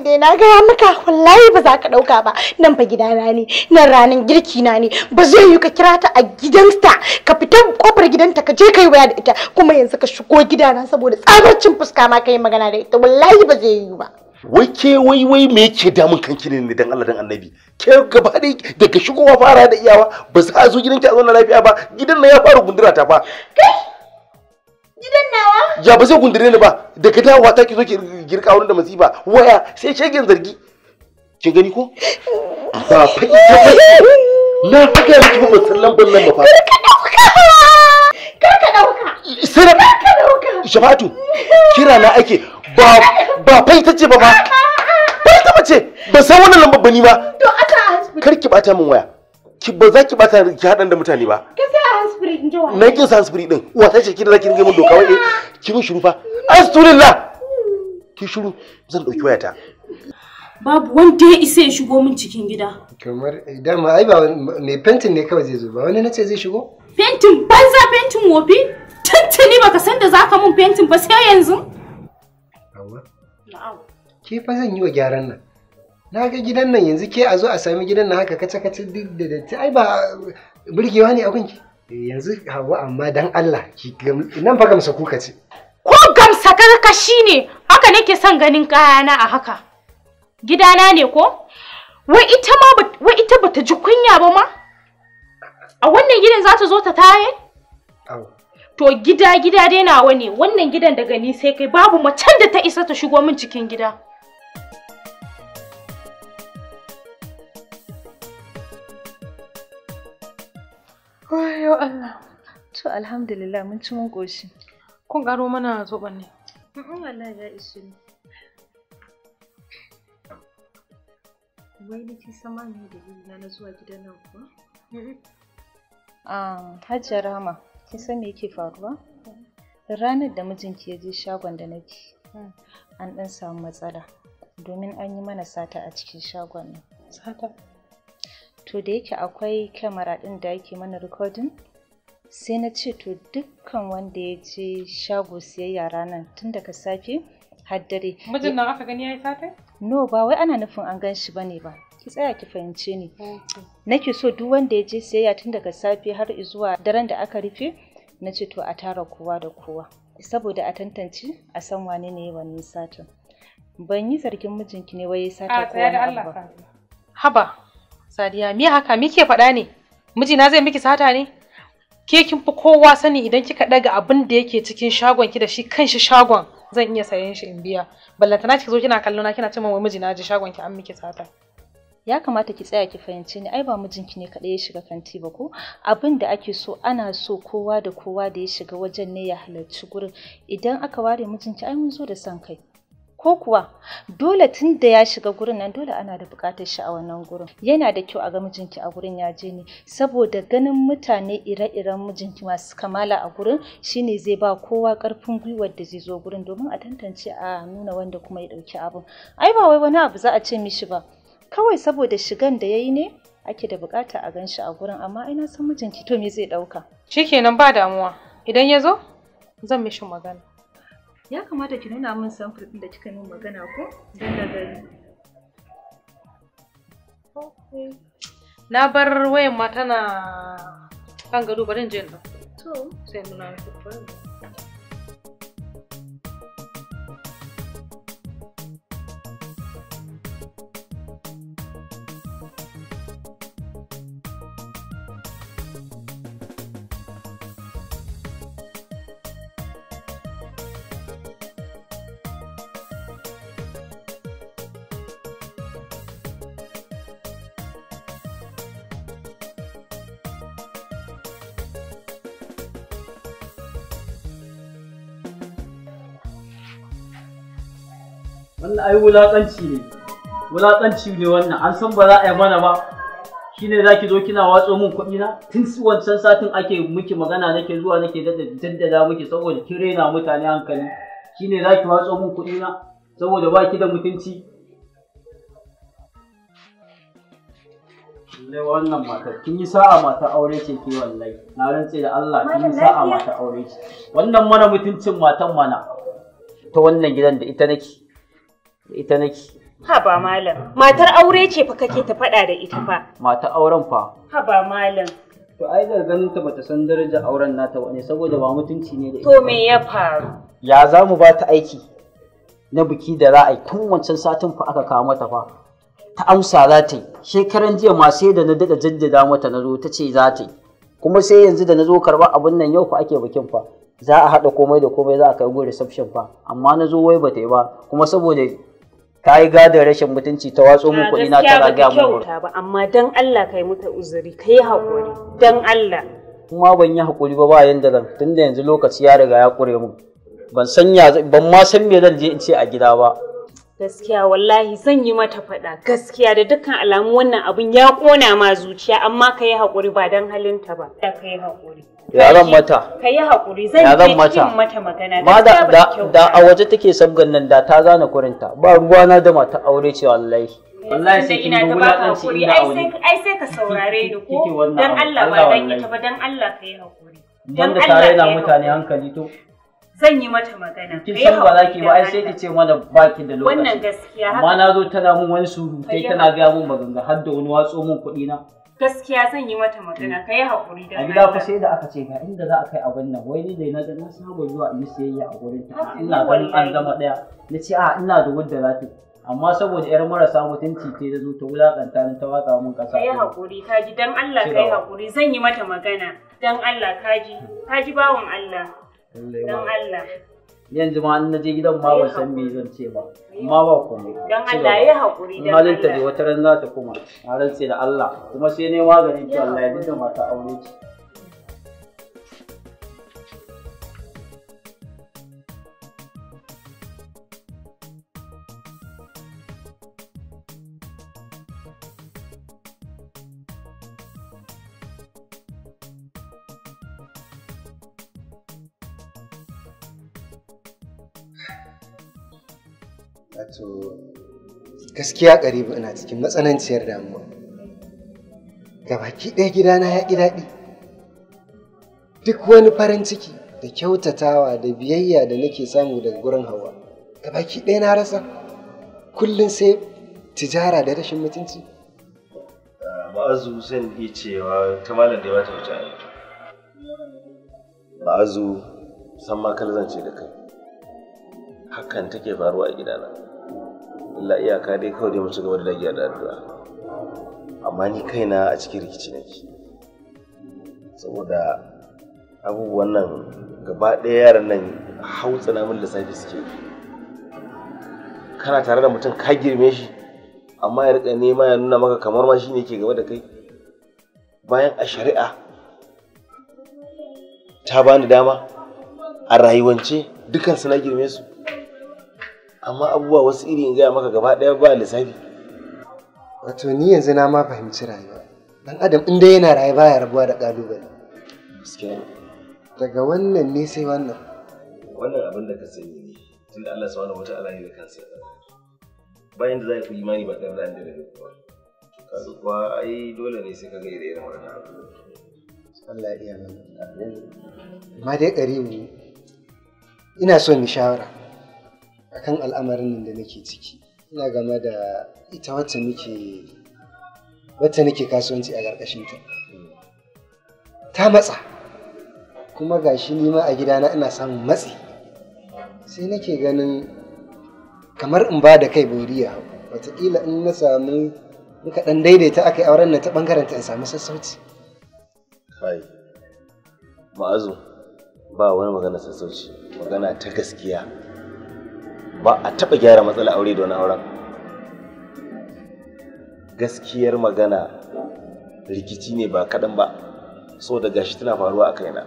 ni dai na gaya maka wallahi ba za ka ɗauka ba nan fa gidana ne nan ranar girki na ne ba zai yi ka kira ta a gidanta ka fita kofar gidanta ka je kai waya da ita kuma yanzu ka shigo gidana saboda tsabarcin fuska ma ka yi magana da ita wallahi ba zai yi ba. wai ke wai wai me yake damun kanki ne dan Allah dan Annabi ke gaba dai daga shigowa fara da iyawa ba za a zo gidanki a zauna lafiya ba gidan na ya fara gundura ta fa kai Gidan nawa? Ya ba zai gundure ni ba. Daga dawowa ta ki zo ki girka wurin da masifa. Waya sai shegen zargi. Kin gani ko? Ba fa ba. Na miki ba musallan ban nan ba fa. Kar dauka. Kar dauka. Sai kar ka dauka. jama'atu kira na ake ba ba fa ce ba ba. Ba ta ba Ba san wannan lambar ba ni ba. To aka Kar ki bata min waya. Ki ba za ki bata ki hadan da mutane ba. in ji wa na kin sans free din uwa ta ce kin zaki rige mun doka wai eh, ki mun shiru fa astagfirullah ki shiru zan dauki wayata babu wanda ya isa ya shigo min cikin gida kamar idan eh, ma ai ba mai fentin ne kawai zai zo ba wani nace zai shigo fentin banza fentin wofi tuntuni baka san da zaka mun fentin ba sai yanzu Hauwa? Na'am. Ke fa zan yi wa gyaran nan. Na ga gidan nan yanzu ke a zo a sami gidan nan haka kace kace duk da datti ai ba burgewa ne a kunki. Eh, yanzu hawa amma dan Allah ki nan fa gamsa kuka ce ko gamsa ka shine haka nake son ganin kayana a haka gidana ne ko wai ita ma wai ita bata ji kunya ba ma a wannan gidan za ta zo ta taye to gida gida dai nawa ne wannan gidan daga ni sai kai babu macen da ta isa ta shigo min cikin gida Wayo Allah. To alhamdulillah mun ci mun koshi. Kun karo mana zoban ne. Mm wallahi ya ishe ni. Wai ni kin san mani da na zuwa gidan nan kuwa? Ah, Hajiya Rahama, kin san me yake faruwa? Mm. Ranar da mijinki ya je shagon da nake, mm. an ɗan samu matsala domin an yi mana sata a cikin shagon nan. Sata? to da yake akwai kyamara ɗin da yake mana rikodin sai na ce to dukkan wanda ya je shago siyayya ranar tun daga safe har dare mijin nan aka gani ya yi sata no ba wai ana nufin an gan shi bane ba ki tsaya ki fahimce ni nake so duk wanda ya je siyayya tun daga safe har zuwa daren da aka rufe na ce to a tara kowa da kowa saboda a tantance a san wane ne ya wani satin ban yi zargin mijinki ne wai ya sata kowa ba haba Sadiya, me haka me faɗa ne? Mijina zai miki sata ne? Ke kin fi kowa sani idan kika ɗaga abin da yake cikin shagon ki da shi kanshi shagon zan iya sayen shi in biya. Ballantana ki zo kina kallo na kina cewa wai mijina ji shagon ki an miki sata. Ya kamata ki tsaya ki fahimci ni ai ba mijinki ne kaɗai ya shiga kanti ba ko abin da ake so ana so kowa da kowa da ya shiga wajen ne ya halarci gurin idan aka ware mijinki ai mun zo da son kai. ko kuwa dole tun da ya shiga gurin nan dole ana da buƙatar shi a wannan gurin yana da kyau a ga mijinki a gurin ya je ne saboda ganin mutane ire-iren mijinki masu kamala a gurin shine zai ba kowa ƙarfin gwiwar da zai zo gurin domin a tantance a nuna wanda kuma ya ɗauki abin ai ba wai wani abu za a ce mishi ba kawai saboda shigan da ya yi ne ake da buƙata a gan shi a gurin amma ai na san mijinki to me zai ɗauka shikenan ba damuwa idan ya zo zan mishi magana ya kamata ki nuna min samfur ɗin da kika min magana ko don da gari na bar wayan ma tana kan gado bari in je to sai nuna miki wannan ai wulaƙanci ne wulaƙanci ne wannan an san ba za a yi mana ba shine za ki zo kina watso min kuɗi na tun wancan satin ake miki magana nake zuwa nake daddada miki saboda kin raina mutane hankali shine za ki watso min kuɗi na saboda ba ki da mutunci lallai wannan matar kin yi sa'a mata aure ce ke wallahi na rantse da Allah kin yi sa'a mata aure ce wannan mana mutuncin matan mana ta wannan gidan da ita nake ita nake Ha ba malam, matar aure ce fa kake ta faɗa da ita fa. Mata auren fa. Ha ba malam. To ai da ganin ta bata san daraja auren nata ne saboda ba mutunci ne da ita. To me ya faru? Ya za mu ba ta aiki na biki da za a yi tun wancan satin fa aka kawo mata fa. Ta amsa za ta yi. Shekaran jiya ma sai da na daɗa jaddada mata na zo ta ce za ta yi. Kuma sai yanzu da na zo karɓa abin nan yau fa ake bikin fa. Za a haɗa komai da komai za a kai gun reception fa. Amma na zo wai ba ta yi ba. Kuma saboda ta yi gadon rashin mutunci ta watso mu kuɗi na ta ga mu ba amma dan Allah kai muta uzuri kai hakuri dan Allah kuma ban yi hakuri ba ba yanda zan tunda yanzu lokaci ya riga ya kure mu ban ban ma san me zan je in ce a gida ba Gaskiya wallahi zan yi mata faɗa gaskiya da dukkan alamu wannan abun ya ƙona ma zuciya amma ka yi haƙuri ba don halinta ba. Da ka yi haƙuri. Ya zan mata. Ka yi haƙuri zan yi cikin mata magana. Ma da, da, a waje take sabgan nan da ta zana kurinta ba ruwana da mata aure ce wallahi. wallahi sai kin dubu lakanci ina aure ai sai ka saurare ni ko dan Allah ba dan ita ba dan Allah ka yi hakuri Banda tare na mutane hankali to zan yi mata magana. Kin san ba za ki ba ai sai ki ce mana ba ki da lokaci. Wannan gaskiya haka. Ma na zo tana mun wani surutai tana ga mun maganga har da wani watso mun kuɗi na. Gaskiya zan yi mata magana mm. ka yi haƙuri da A gida fa sai da aka ce ga inda za a kai a wannan wai ni dai na ga na saba zuwa in yi sayayya a gurin ta ina ganin an zama ɗaya na ce a ina da wadda za ta amma saboda yar marasa mutunci ce da zo ta wulakanta ni ta watsa mun kasa. Kai hakuri ji dan Allah kai hakuri zan yi mata magana dan Allah ka ji bawan Allah. Don Allah. Yanzu ma na je gidan ma ba san me zan ce ba. Amma ba komai. Don Allah ya haƙuri da Allah. Halinta da wata ran za ta kuma. Na sai da Allah. Kuma sai ne maganin ki Allah ya da mata aure ce. gaskiya ƙaribu ina cikin matsananciyar damuwa Ga baki ɗaya gidana ya ƙi daɗi duk wani farin ciki da kyautatawa da biyayya da nake samu daga gurin hawa gabaki ɗaya na rasa kullum sai tijara da rashin mutunci ma'azu zan iya cewa ta da ya bata wuce ma'azu san ma kalzance da kai hakan take faruwa a gidana illa iyaka dai kawai dai mu gaba da dagiya da addu'a amma ni kaina a cikin rikici nake saboda abubuwan nan gaba ɗaya yaran nan hautsa namun lissafi suke kana tare da mutum ka girme shi amma ya rika nema ya nuna maka kamar ma shine ke gaba da kai bayan a shari'a ta bani dama a rayuwance dukansu na girme su amma abubuwa wasu iri in gaya maka gaba ɗaya ba lissafi wato ni yanzu na ma fahimci rayuwa dan adam inda yana rayuwa baya rabuwa da ƙalubale daga wannan ne sai wannan wannan abin da ka sani ne tunda Allah subhanahu wata'ala ne da kansa bayan da za ku imani ba tare da an da ba kasu kuwa ai dole ne sai ka ga irin wannan abu Allah iya nan amma dai ƙaribu ina son ni shawara akan al'amarin nan da nake ciki ina game da ita wacce nake wacce nake kasuwanci a ƙarƙashin ta ta matsa kuma gashi ni ma a gidana ina samun matsi sai nake ganin kamar in ba da kai boriya wataƙila in na samu muka ɗan daidaita aka yi auren na ta ɓangaren ta in samu sassauci kai ma'azu ba wani magana sassauci magana ta gaskiya ba a taɓa gyara matsala aure da wani auren gaskiyar magana rikici ne ba kaɗan ba so da gashi tana faruwa a kaina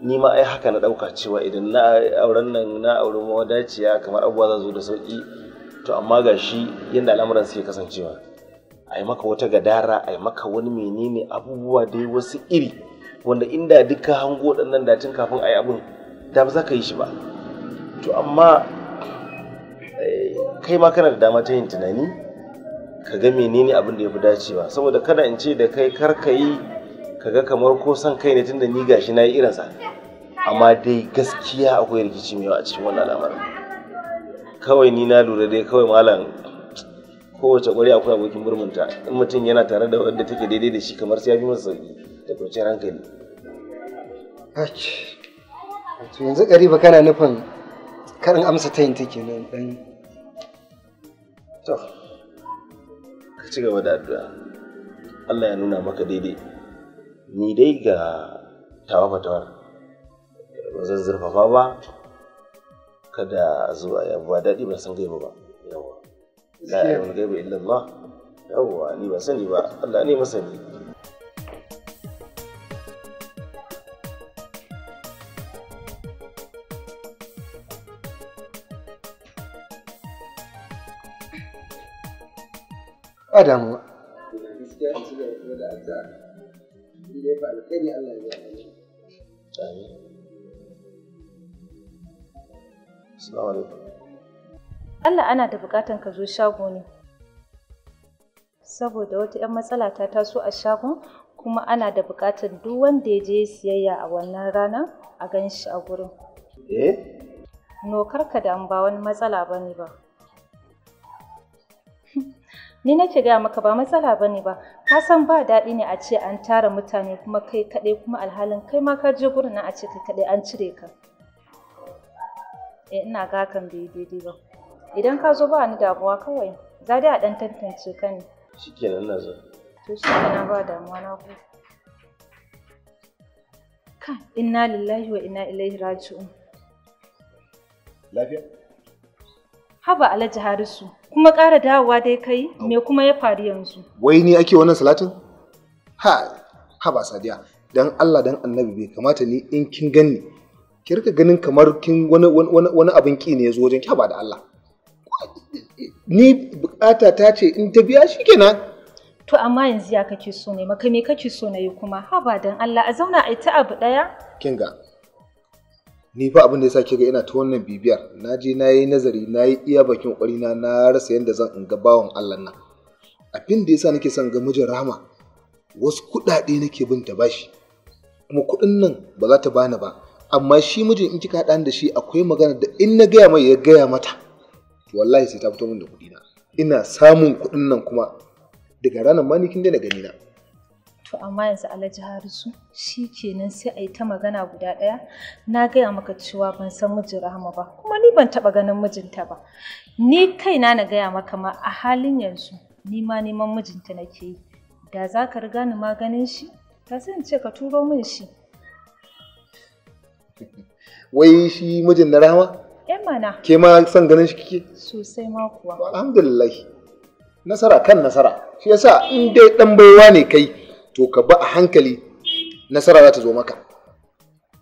ni ma ai haka na ɗauka cewa idan na auren nan na auri mawadaciya kamar abubuwa za zo da sauƙi to amma gashi yadda al'amuran suke kasancewa a yi maka wata gadara a yi maka wani menene abubuwa dai wasu iri wanda inda duka hango waɗannan datin kafin a yi abin da ba za ka yi shi ba to amma kai ma kana da dama ta yin tunani ka ga menene abin da ya fi dacewa saboda kada in ce da kai kar ka yi ka ga kamar ko son kai ne tunda ni gashi na yi sa, amma dai gaskiya akwai rikici mai yawa a cikin wannan al'amarin kawai ni na lura dai kawai malam kowace ƙwari akwai abokin murmunta in mutum yana tare da wanda take daidai da shi kamar sai ya fi masa sauki da kwanciyar hankali yanzu ƙariba kana nufin karin amsa yin take nan to ka ci gaba da addu'a Allah ya nuna maka daidai ni dai ga tawa fatawar ba zan zurfafa ba kada zuwa ya ba daɗi ba san gaiba ba yawa la ya wani gaiba illallah yawa ni ba sani ba Allah ne masani ba Allah ana da bukatan ka zo shago ne saboda wata 'yan matsala ta taso a shagon kuma ana da bukatar duk wanda ya je siyayya a wannan rana a gan shi a gurin. Eh? Nokar ka da ba wani matsala ba ne ba. Ni nake gaya maka ba matsala ba ne ba, ka san ba daɗi ne a ce an tara mutane kuma kai kaɗai kuma alhalin kai ma ka je gurin nan a ce kai kaɗai an cire ka. Eh ina ga kan bai daidai ba. Idan ka zo ba ni damuwa kawai, za dai a ɗan tantance ka ne. Shikenan na zo. To shikenan ba damuwa na ku. Ka inna lillahi wa inna ilaihi raji'un. Lafiya? Haba Alhaji Harisu, kuma ƙara dawowa dai kai me kuma ya faru yanzu? Wai ni ake wannan salatin? Ha, haba Sadiya, don Allah don Annabi bai kamata ni in kin ganni ki rika ganin kamar kin wani wani abin ki ne ya zo wajen ki haba da Allah. Ni bukata ta ce in ta biya shi kenan. To amma yanzu ya kake so ne maka me kake so na yi kuma haba don Allah a zauna a yi ta abu daya? Kinga ni fa abin da yasa ga ina ta wannan bibiyar na je na yi nazari na yi iya bakin kwari na na rasa yadda zan in ga bawan Allah nan abin da yasa nake son ga mijin rahama wasu kuɗaɗe nake bin ta bashi kuma kuɗin nan ba za ta bani ba amma shi mijin in kika haɗa da shi akwai magana da in na gaya mai ya gaya mata to wallahi sai ta fito min da kuɗi na ina samun kuɗin nan kuma daga ranar ma ni kin daina gani na to amma yanzu alhaji harisu shi kenan sai a yi ta magana guda ɗaya na gaya maka cewa ban san mijin rahama ba kuma ni ban taɓa ganin mijinta ba ni kaina na gaya maka ma a halin yanzu ni ma neman mijinta nake yi da za ka riga ni maganin shi ta san ce ka turo min shi wai shi mijin na rahama eh mana ke ma son ganin shi kike sosai ma kuwa alhamdulillah nasara kan nasara shi yasa in dai dan baiwa ne kai to ka ba a hankali nasara za ta zo maka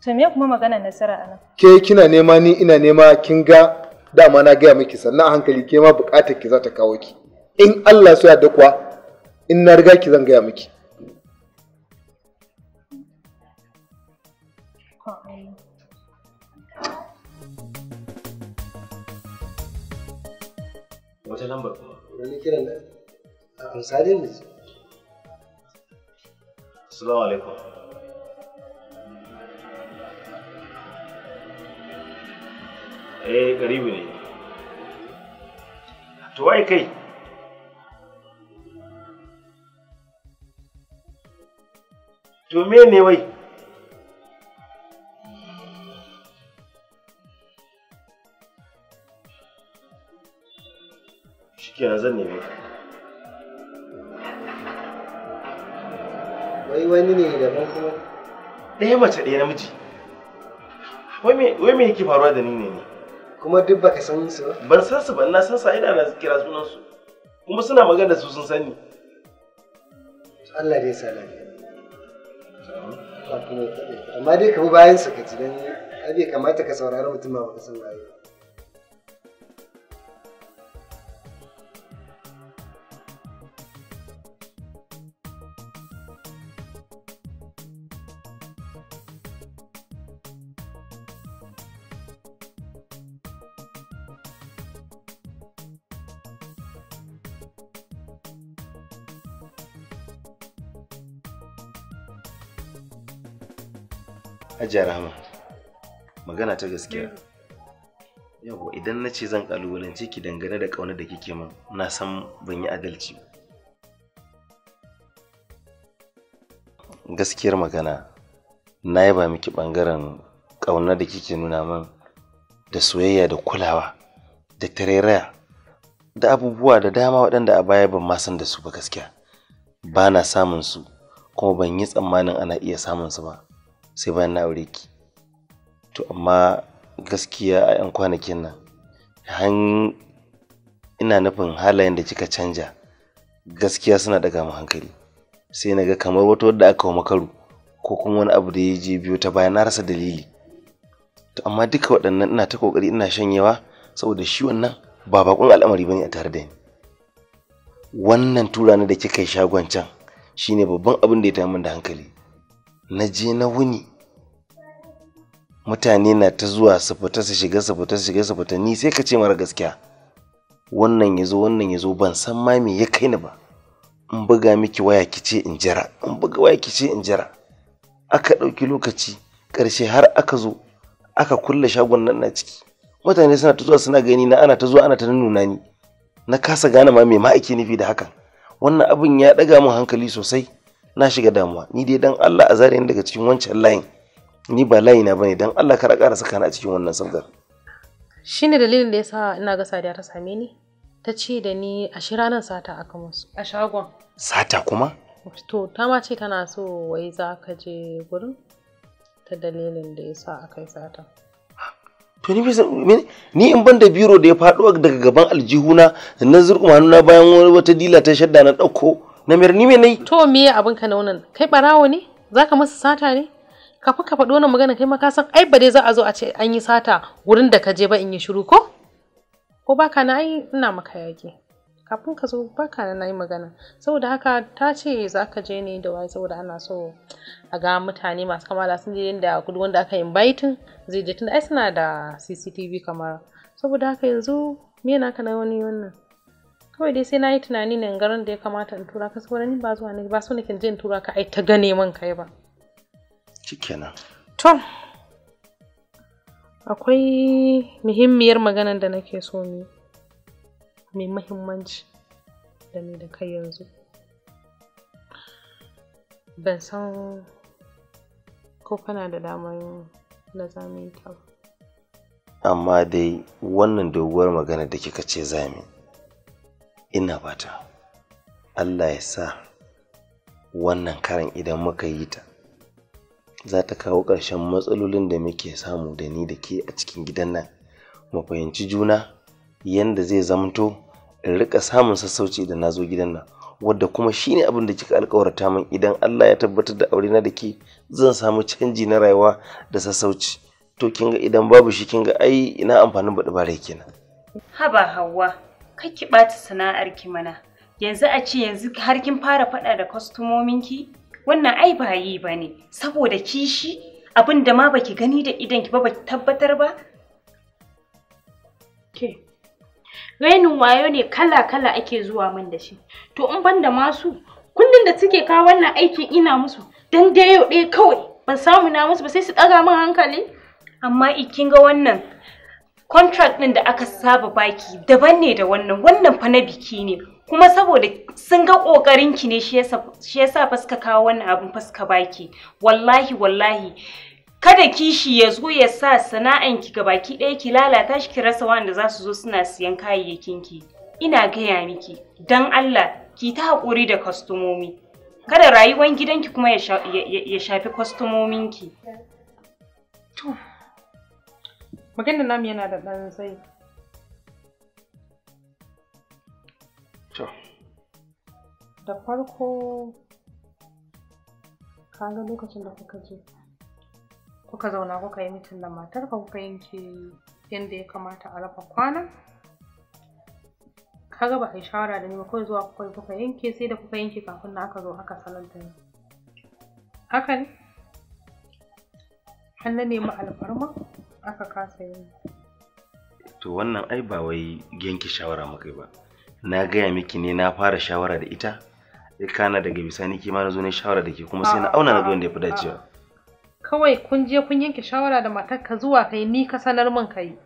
to me kuma magana nasara a nan ke kina nema ni ina nema kin ga dama na gaya miki sannan a hankali ke ma bukatar ki za ta kawo ki in Allah so ya da kuwa in na riga ki zan gaya miki wata lambar kuma wani kiran da amsalin da Assalamu alaikum. Eh, garibu ne. To wai kai? me ne wai? mace ɗaya namiji wai me yake faruwa da ni ne ne kuma duk baka san su ba ban san su ba na san sa ina na kira sunan su kuma suna magana su sun sani Allah dai sa lafiya amma dai ka bi bayan su ka ji dan kamata ka saurari mutum ba ka san waye hajjar rahama magana ta gaskiya mm. idan na ce zan kalubalance ki dangane da ƙaunar da kike min na san ban yi adalci gaskiyar magana na yaba miki bangaren ƙaunar da kike nuna min da soyayya da kulawa da tarairaya da abubuwa da dama waɗanda a baya ban ma san da su ba gaskiya ba na samun su kuma ban yi tsammanin ana iya samun su ba sai bayan na aure ki to amma gaskiya a 'yan kwanakin nan han ina nufin halayen da kika canja gaskiya suna daga mu hankali sai na ga kamar wata wadda aka wa makaru ko kuma wani abu da ya je biyo ta bayan na rasa dalili to amma duka waɗannan ina ta kokari ina shanyewa saboda shi wannan ba bakon al'amari bane a tare da ni wannan tura da kika yi shagon can shine babban abin da ya tayi min da hankali na je na wuni mutane na ta zuwa su fita su shiga su fita su shiga su fita ni sai ka ce mara gaskiya wannan ya zo wannan ya zo ban san ma me ya kai ni ba in buga miki waya ki ce in jira in buga waya ki ce in jira aka ɗauki lokaci ƙarshe har aka zo aka kulle shagon nan na ciki mutane suna ta zuwa suna gani na ana ta zuwa ana ta nuna ni na kasa gane ma me ma ake nufi da hakan wannan abin ya ɗaga min hankali sosai na shiga damuwa ni dai dan Allah a zare ni daga cikin wancan layin ni ba laina bane dan Allah ka ƙara saka ni a cikin wannan sabgar shine dalilin da yasa ina ga Sadiya ta same ni ta ce da ni a shi sata aka musu a shagon sata kuma to ta ma ce tana so wai za ka je gurin ta dalilin da yasa aka yi sata to ni ni in banda biro da ya faɗo daga gaban aljihuna na zurkuma na bayan wata dila ta shadda na ɗauko na mayar ni me nayi to me abin ka na wannan kai barawo ne zaka masa sata ne kafin ka faɗi wannan magana kai ma ka san ai ba dai za a zo a ce an yi sata wurin da ka je ba in yi shiru ko ko baka na ai ina maka yaƙi kafin ka zo baka na yi magana saboda haka ta ce za ka je ne da waye saboda ana so a ga mutane masu kamala sun je da kudu wanda aka yi baitin zai je tunda ai suna da CCTV kamar saboda haka yanzu me na ka na wani wannan kawai dai sai na yi tunani ne garin da ya kamata in tura ka saboda ni ba zuwa ne ba so nake je in tura ka ai ta gane man kai ba Shikenan. To, akwai muhimmiyar maganar da nake so ne mai mahimmanci da ni da kai yanzu. Ban san ko kana da damar da za mu ba. Amma dai wannan doguwar magana da kika ce za mu ina ba ta, Allah ya sa wannan karan idan muka yi ta za ta kawo ƙarshen matsalolin da muke samu da ni da ke a cikin gidan nan mu fahimci juna yanda zai zamto in rika samun sassauci da na zo gidan nan wadda kuma shine abin da kika alkawarta min idan Allah ya tabbatar da aure na da ke zan samu canji na rayuwa da sassauci to kin ga idan babu shi kin ga ai ina amfanin baɗi bare kenan haba hawa kake ɓata sana'ar ki mana yanzu a ce yanzu har kin fara faɗa da ki? wannan ai ba yi ba ne saboda kishi abin da ma baki gani da idan ki ba baki tabbatar ba ke rainin wayo ne kala kala ake zuwa min da shi to in ban masu kullum da suke kawo wannan aikin ina musu dan dai yau ɗaya kawai ban samu na musu ba sai su ɗaga min hankali amma ikin ga wannan contract ɗin da aka saba baki daban ne da wannan wannan fa na biki ne kuma saboda sun ga kokarin ki ne shi yasa fa suka kawo wannan abin fa suka baki wallahi wallahi kada kishi ya zo ya sa sana'an ki ga baki ɗaya ki lalata shi ki rasa wanda za su zo suna siyan kayayyakin ki ina gaya miki dan Allah ki ta haƙuri da kwastomomi kada rayuwar gidanki kuma ya shafi kwastomominki to maganar namu yana da ɗan da farko ka ga lokacin da kuka je kuka zauna kuka yi mitin da matarka kuka yanke yadda ya kamata a raba kwanan. ka ga ba a yi shawara da ni ba kawai zuwa kuka yi kuka yanke sai da kuka yanke kafin na aka zo aka salanta ni haka ne an na nemi alfarma aka kasa yi to wannan ai ba wai yanke shawara muka ba na gaya miki ne na fara shawara da ita ya kana daga bisani ke ma na zo ne shawara da ke kuma sai na auna na zo wanda ya fi dacewa kawai kun je kun yanke shawara da matar ka zuwa kai ni ka sanar min kai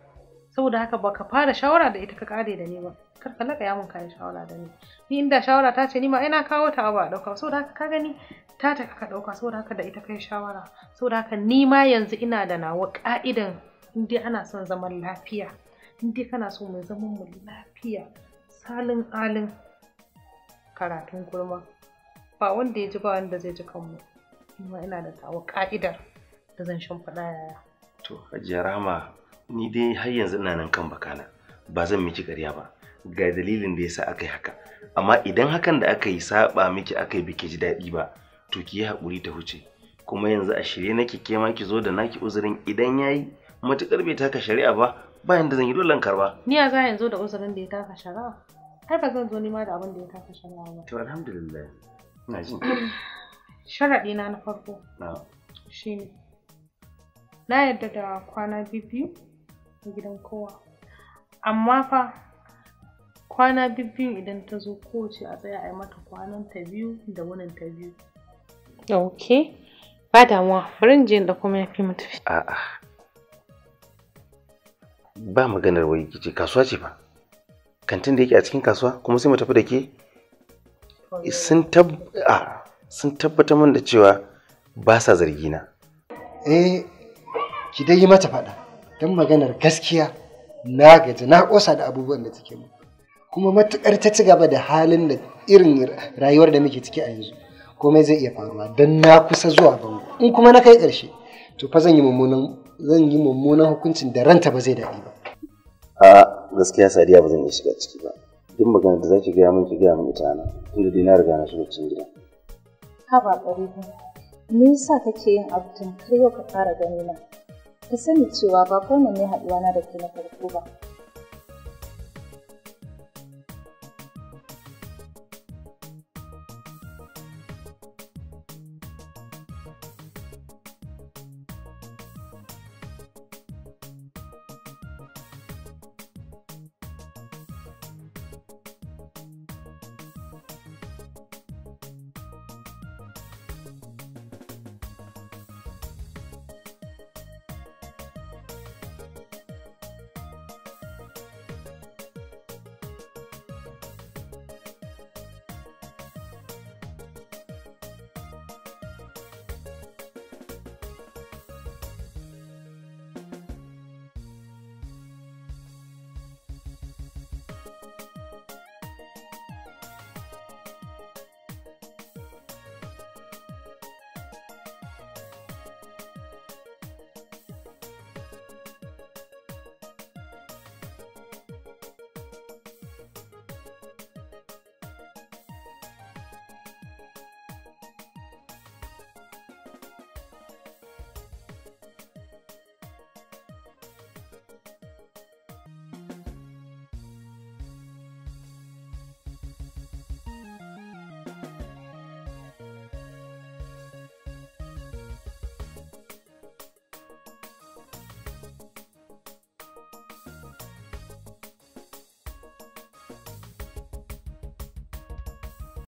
saboda haka baka fara shawara da ita ka kare da ni ba kar ka laka yamin kayan shawara da ni ni inda shawara ta ce ni ma ina kawo ta ba dauka saboda haka ka gani ta ta ka dauka saboda haka da ita kai shawara saboda haka ni ma yanzu ina da nawa ka'idan in dai ana son zaman lafiya in dai kana so mu zaman mu lafiya salin alin karatun kurma ba wanda ya ji ba wanda zai ji kanmu kuma ina da tawa ka'idar da zan shimfiɗa yaya to hajiya rama ni dai har yanzu ina nan kan bakana ba zan miki ƙarya ba ga dalilin da yasa aka yi haka amma idan hakan da aka yi saba miki aka yi biki ji daɗi ba to ki yi haƙuri ta huce kuma yanzu a shirye nake ke ma ki zo da naki uzurin idan yayi matukar bai taka shari'a ba bayan da zan yi dole karba ni a za yanzu da uzurin da ya taka shari'a Har ba zan zo nima da abin da ya kafa shan ba. To alhamdulillah. Ina jin. Sharaɗi na na farko. Shi ne. Na yarda da kwana biyu a gidan kowa. Amma fa kwana biyu idan ta zo kowace a tsaya a yi mata kwanan ta biyu da wunin ta biyu. Ok. Ba damuwa, bari in je da kuma ya fi mu A'a. Ba maganar wai gici kasuwa ce ba. kantin da yake a cikin kasuwa kuma sai mu tafi da ke sun sun tabbatar min da cewa ba sa zargi na. eh ki dai yi mata faɗa don maganar gaskiya na gaji na ƙosa da abubuwan da take mu kuma matuƙar ta ci gaba da halin da irin rayuwar da muke ciki a yanzu komai zai iya faruwa don na kusa zuwa bango in kuma na kai ƙarshe to fa zan yi mummunan hukuncin da ranta ba zai daɗi ba gaskiya sadiya ba zan iya shiga ciki ba duk magana da zaki gaya mun ki gaya min ita na tunda dai na riga na shiga cikin gida ka ba bari me yasa kake yin abu tun kar ka fara gani na ka sani cewa ba kowanne ne haɗuwa na da ke na farko ba